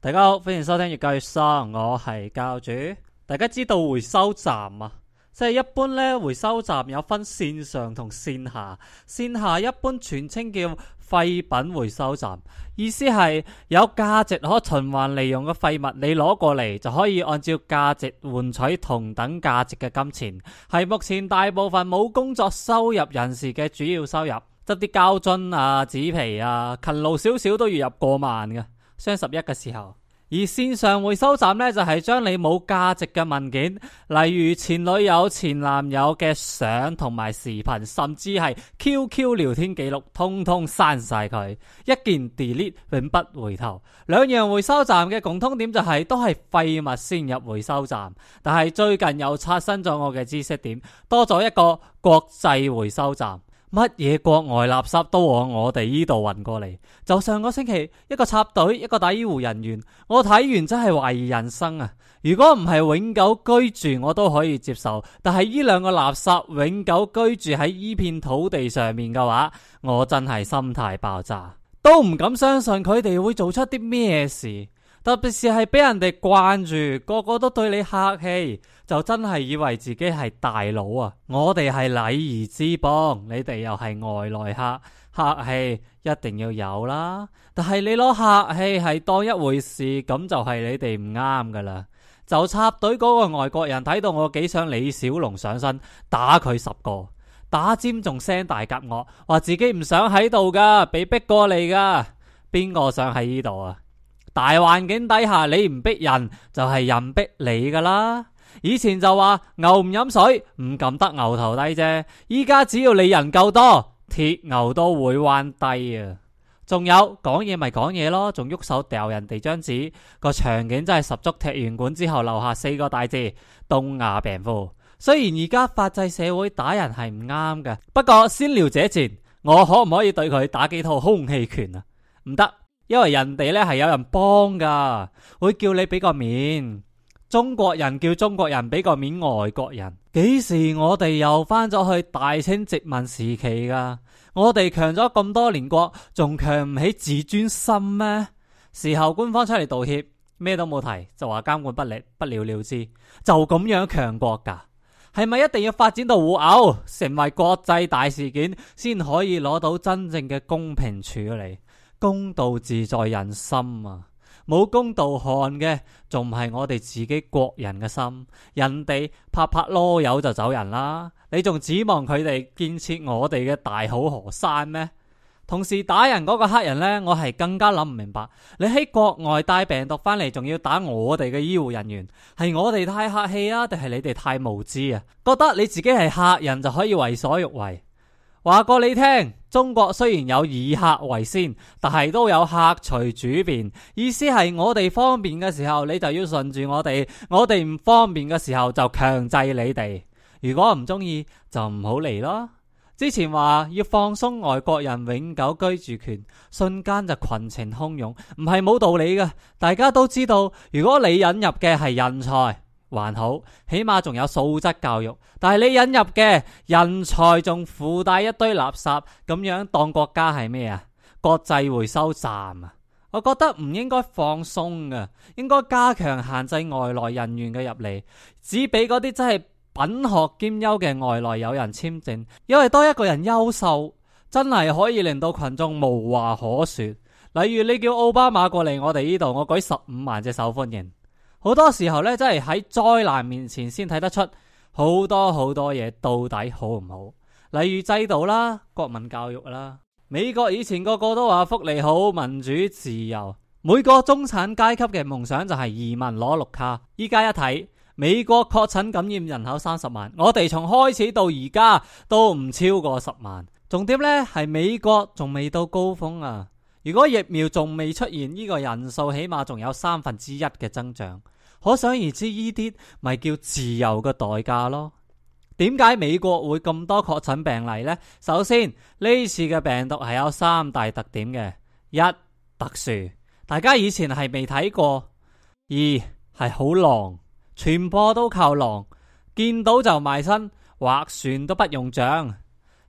大家好，歡迎收聽越界越生，我係教主。大家知道回收站啊，即係一般咧，回收站有分線上同線下。線下一般全稱叫廢品回收站，意思係有價值可循環利用嘅廢物，你攞過嚟，就可以按照價值換取同等價值嘅金錢，係目前大部分冇工作收入人士嘅主要收入。執啲膠樽啊、紙皮啊，勤勞少少都要入過萬嘅。雙十一嘅時候，而線上回收站呢，就係、是、將你冇價值嘅文件，例如前女友、前男友嘅相同埋視頻，甚至係 QQ 聊天記錄，通通刪晒佢，一鍵 delete 永不回頭。兩樣回收站嘅共通點就係、是、都係廢物先入回收站，但係最近又刷新咗我嘅知識點，多咗一個國際回收站。乜嘢國外垃圾都往我哋呢度運過嚟？就上個星期，一個插隊，一個打醫護人員。我睇完真係懷疑人生啊！如果唔係永久居住，我都可以接受。但係呢兩個垃圾永久居住喺呢片土地上面嘅話，我真係心態爆炸，都唔敢相信佢哋會做出啲咩事。特別是係俾人哋慣住，個個都對你客氣，就真係以為自己係大佬啊！我哋係禮儀之邦，你哋又係外來客，客氣一定要有啦。但係你攞客氣係當一回事，咁就係你哋唔啱噶啦。就插隊嗰個外國人睇到我幾想李小龍上身打佢十個，打尖仲聲大夾惡，話自己唔想喺度噶，被逼過嚟噶，邊個想喺呢度啊？大環境底下，你唔逼人就係人逼你噶啦。以前就話牛唔飲水唔撳得牛頭低啫，依家只要你人夠多，鐵牛都會彎低啊。仲有講嘢咪講嘢咯，仲喐手掉人哋張紙，個場景真係十足。踢完館之後留下四個大字：東亞病夫。雖然而家法制社會打人係唔啱嘅，不過先撩者賤，我可唔可以對佢打幾套空氣拳啊？唔得。因為人哋咧係有人幫噶，會叫你俾個面。中國人叫中國人俾個面，外國人，幾時我哋又翻咗去大清殖民時期噶？我哋強咗咁多年國，仲強唔起自尊心咩？事後官方出嚟道歉，咩都冇提，就話監管不力，不了了之，就咁樣強國噶？係咪一定要發展到互毆，成為國際大事件，先可以攞到真正嘅公平處理？公道自在人心啊！冇公道看嘅，仲唔係我哋自己國人嘅心？人哋拍拍囉柚就走人啦，你仲指望佢哋建設我哋嘅大好河山咩？同時打人嗰個黑人咧，我係更加諗唔明白。你喺國外帶病毒翻嚟，仲要打我哋嘅醫護人員，係我哋太客氣啊，定係你哋太無知啊？覺得你自己係客人就可以為所欲為。話過你聽，中國雖然有以客為先，但係都有客隨主便，意思係我哋方便嘅時候，你就要順住我哋；我哋唔方便嘅時候，就強制你哋。如果唔中意，就唔好嚟咯。之前話要放鬆外國人永久居住權，瞬間就群情洶湧，唔係冇道理嘅。大家都知道，如果你引入嘅係人才。還好，起碼仲有素質教育。但係你引入嘅人才仲附帶一堆垃圾，咁樣當國家係咩啊？國際回收站啊！我覺得唔應該放鬆嘅，應該加強限制外來人員嘅入嚟，只俾嗰啲真係品學兼優嘅外來友人簽證。因為多一個人優秀，真係可以令到群眾無話可說。例如你叫奧巴馬過嚟我哋呢度，我舉十五萬隻手歡迎。好多時候咧，真係喺災難面前先睇得出好多好多嘢，到底好唔好。例如制度啦、國民教育啦。美國以前個個都話福利好、民主自由，每個中產階級嘅夢想就係移民攞綠卡。依家一睇，美國確診感染人口三十萬，我哋從開始到而家都唔超過十萬。重點咧係美國仲未到高峰啊！如果疫苗仲未出現呢個人數，起碼仲有三分之一嘅增長，可想而知呢啲咪叫自由嘅代價咯。點解美國會咁多確診病例呢？首先呢次嘅病毒係有三大特點嘅：一特殊，大家以前係未睇過；二係好浪，傳播都靠浪，見到就賣身，劃船都不用槳；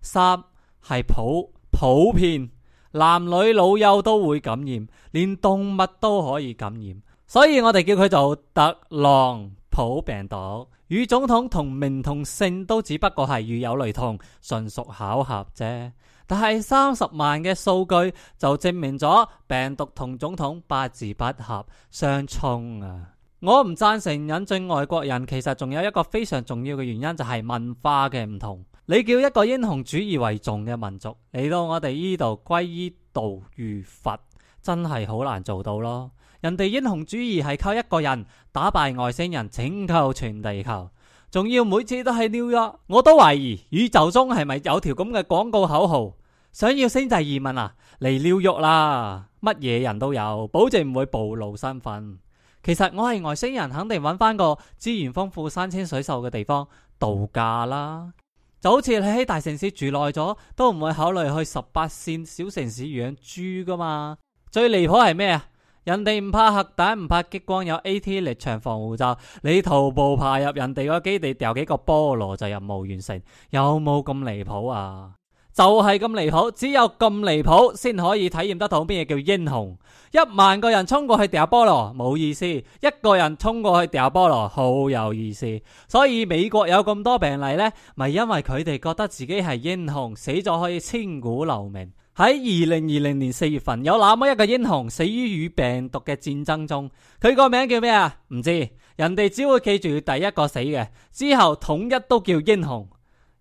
三係普普遍。男女老幼都會感染，連動物都可以感染，所以我哋叫佢做特朗普病毒。與總統同名同姓都只不過係遇有雷同，純屬巧合啫。但係三十萬嘅數據就證明咗病毒同總統八字不合，相沖啊！我唔贊成引進外國人，其實仲有一個非常重要嘅原因就係文化嘅唔同。你叫一個英雄主義為重嘅民族，嚟到我哋呢度歸依道與佛，真係好難做到咯。人哋英雄主義係靠一個人打敗外星人拯救全地球，仲要每次都喺紐約。我都懷疑宇宙中係咪有條咁嘅廣告口號，想要星際移民啊，嚟紐約啦，乜嘢人都有，保證唔會暴露身份。其實我係外星人，肯定揾翻個資源豐富、山清水秀嘅地方度假啦。就好似你喺大城市住耐咗，都唔會考慮去十八線小城市養豬㗎嘛。最離譜係咩啊？人哋唔怕核彈，唔怕激光，有 AT 力場防護罩，你徒步爬入人哋個基地，掉幾個菠蘿就任務完成，有冇咁離譜啊？就係咁離譜，只有咁離譜先可以體驗得到咩嘢叫英雄。一萬個人衝過去掉菠蘿冇意思，一個人衝過去掉菠蘿好有意思。所以美國有咁多病例呢，咪因為佢哋覺得自己係英雄，死咗可以千古留名。喺二零二零年四月份有那麼一個英雄死於與病毒嘅戰爭中，佢個名叫咩啊？唔知。人哋只會記住第一個死嘅，之後統一都叫英雄。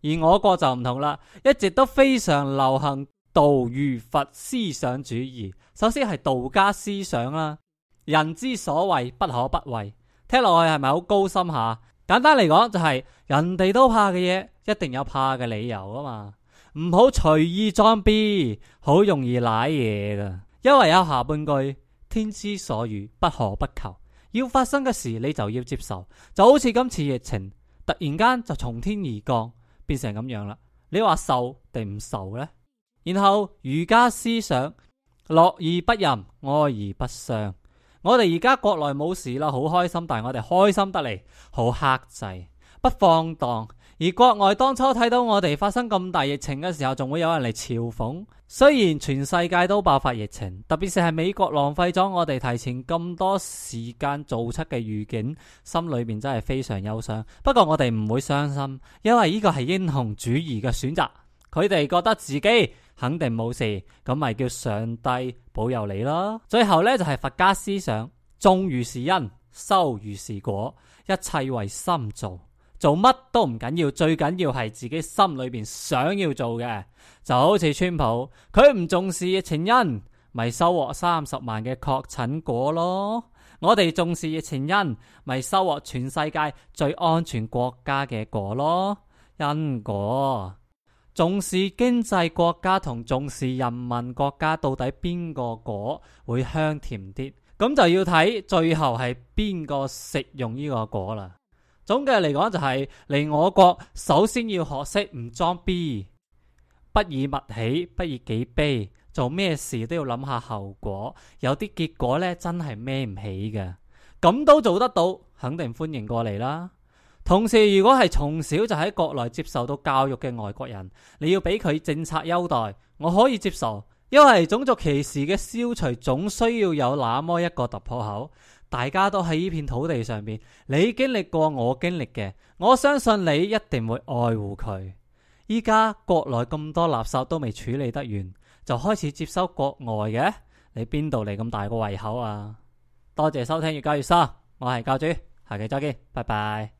而我國就唔同啦，一直都非常流行道儒佛思想主義。首先係道家思想啦，人之所畏不可不畏，聽落去係咪好高深吓？簡單嚟講就係、是、人哋都怕嘅嘢，一定有怕嘅理由啊嘛。唔好隨意裝逼，好容易舐嘢噶。因為有下半句，天之所欲不可不求，要發生嘅事你就要接受，就好似今次疫情突然間就從天而降。變成咁樣啦，你話受定唔受呢？然後儒家思想樂而不淫，哀而不傷。我哋而家國內冇事啦，好開心，但係我哋開心得嚟好克制，不放蕩。而國外當初睇到我哋發生咁大疫情嘅時候，仲會有人嚟嘲諷。雖然全世界都爆發疫情，特別是係美國浪費咗我哋提前咁多時間做出嘅預警，心裏面真係非常憂傷。不過我哋唔會傷心，因為呢個係英雄主義嘅選擇。佢哋覺得自己肯定冇事，咁咪叫上帝保佑你咯。最後呢，就係、是、佛家思想，種如是因，修如是果，一切為心造。」做乜都唔緊要，最緊要係自己心裏邊想要做嘅，就好似川普，佢唔重視疫情因，咪收穫三十萬嘅確診果咯。我哋重視疫情因，咪收穫全世界最安全國家嘅果咯。因果，重視經濟國家同重視人民國家，到底邊個果會香甜啲？咁就要睇最後係邊個食用呢個果啦。總嘅嚟講就係嚟我國，首先要學識唔裝 B，不以物喜，不以己悲，做咩事都要諗下後果。有啲結果咧真係孭唔起嘅，咁都做得到，肯定歡迎過嚟啦。同時，如果係從小就喺國內接受到教育嘅外國人，你要俾佢政策優待，我可以接受，因為種族歧視嘅消除總需要有那麼一個突破口。大家都喺呢片土地上邊，你經歷過我經歷嘅，我相信你一定會愛護佢。依家國內咁多垃圾都未處理得完，就開始接收國外嘅，你邊度嚟咁大個胃口啊？多謝收聽越加越深，我係教主，下期再見，拜拜。